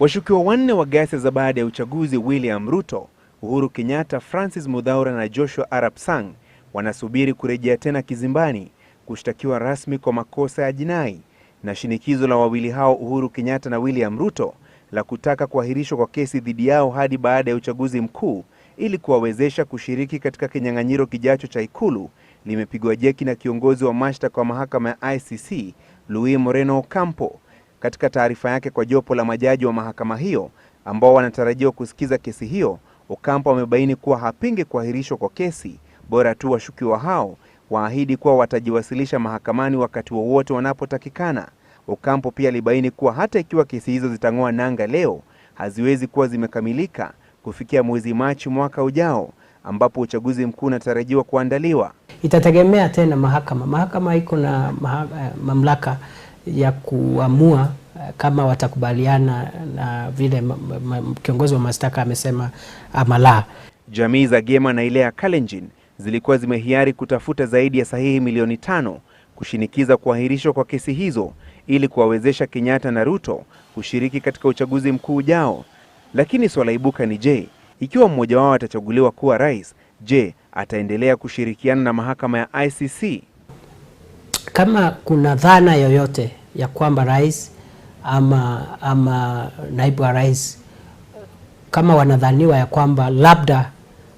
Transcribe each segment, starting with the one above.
Washukiwa wanne wa ghasia za baada ya uchaguzi William Ruto, Uhuru Kenyatta, Francis Mudhaura na Joshua Arap Sang wanasubiri kurejea tena kizimbani kushtakiwa rasmi kwa makosa ya jinai na shinikizo la wawili hao Uhuru Kenyatta na William Ruto la kutaka kuahirishwa kwa kesi dhidi yao hadi baada ya uchaguzi mkuu ili kuwawezesha kushiriki katika kinyang'anyiro kijacho cha Ikulu limepigwa jeki na kiongozi wa mashtaka wa mahakama ya ICC Luis Moreno Ocampo katika taarifa yake kwa jopo la majaji wa mahakama hiyo ambao wanatarajiwa kusikiza kesi hiyo, Ocampo amebaini kuwa hapingi kuahirishwa kwa kesi, bora tu washukiwa hao waahidi kuwa watajiwasilisha mahakamani wakati wowote wa wanapotakikana. Ocampo pia alibaini kuwa hata ikiwa kesi hizo zitang'oa nanga leo, haziwezi kuwa zimekamilika kufikia mwezi Machi mwaka ujao ambapo uchaguzi mkuu unatarajiwa kuandaliwa. Itategemea tena mahakama. Mahakama iko na eh, mamlaka ya kuamua eh, kama watakubaliana na vile kiongozi wa mashtaka amesema ama la. Jamii za Gema na ile ya Kalenjin zilikuwa zimehiari kutafuta zaidi ya sahihi milioni tano kushinikiza kuahirishwa kwa kesi hizo ili kuwawezesha Kenyatta na Ruto kushiriki katika uchaguzi mkuu ujao. Lakini swala ibuka ni je, ikiwa mmoja wao atachaguliwa kuwa rais, je, ataendelea kushirikiana na mahakama ya ICC? Kama kuna dhana yoyote ya kwamba rais ama, ama naibu wa rais kama wanadhaniwa ya kwamba labda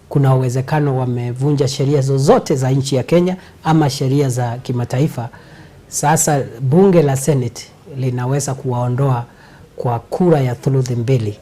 kuna uwezekano wamevunja sheria zozote za nchi ya Kenya ama sheria za kimataifa, sasa bunge la Senate linaweza kuwaondoa kwa kura ya thuluthi mbili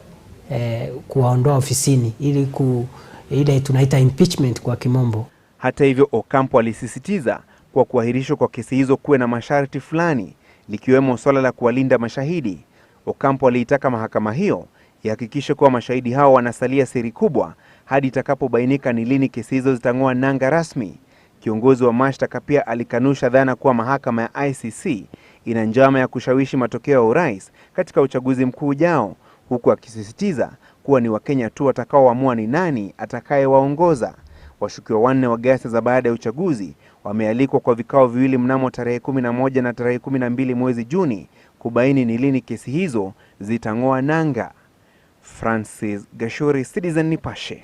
eh, kuwaondoa ofisini ili ku, ile tunaita impeachment kwa kimombo. Hata hivyo, okampo alisisitiza kwa kuahirishwa kwa kesi hizo kuwe na masharti fulani likiwemo swala la kuwalinda mashahidi. Ocampo aliitaka mahakama hiyo ihakikishe kuwa mashahidi hao wanasalia siri kubwa hadi itakapobainika ni lini kesi hizo zitang'oa nanga rasmi. Kiongozi wa mashtaka pia alikanusha dhana kuwa mahakama ya ICC ina njama ya kushawishi matokeo ya urais katika uchaguzi mkuu ujao, huku akisisitiza kuwa ni Wakenya tu watakaoamua ni nani atakayewaongoza. Washukiwa wanne wa ghasia za baada ya uchaguzi wamealikwa kwa vikao viwili mnamo tarehe 11 na tarehe 12 mwezi Juni kubaini ni lini kesi hizo zitang'oa nanga. Francis Gashuri, Citizen Nipashe.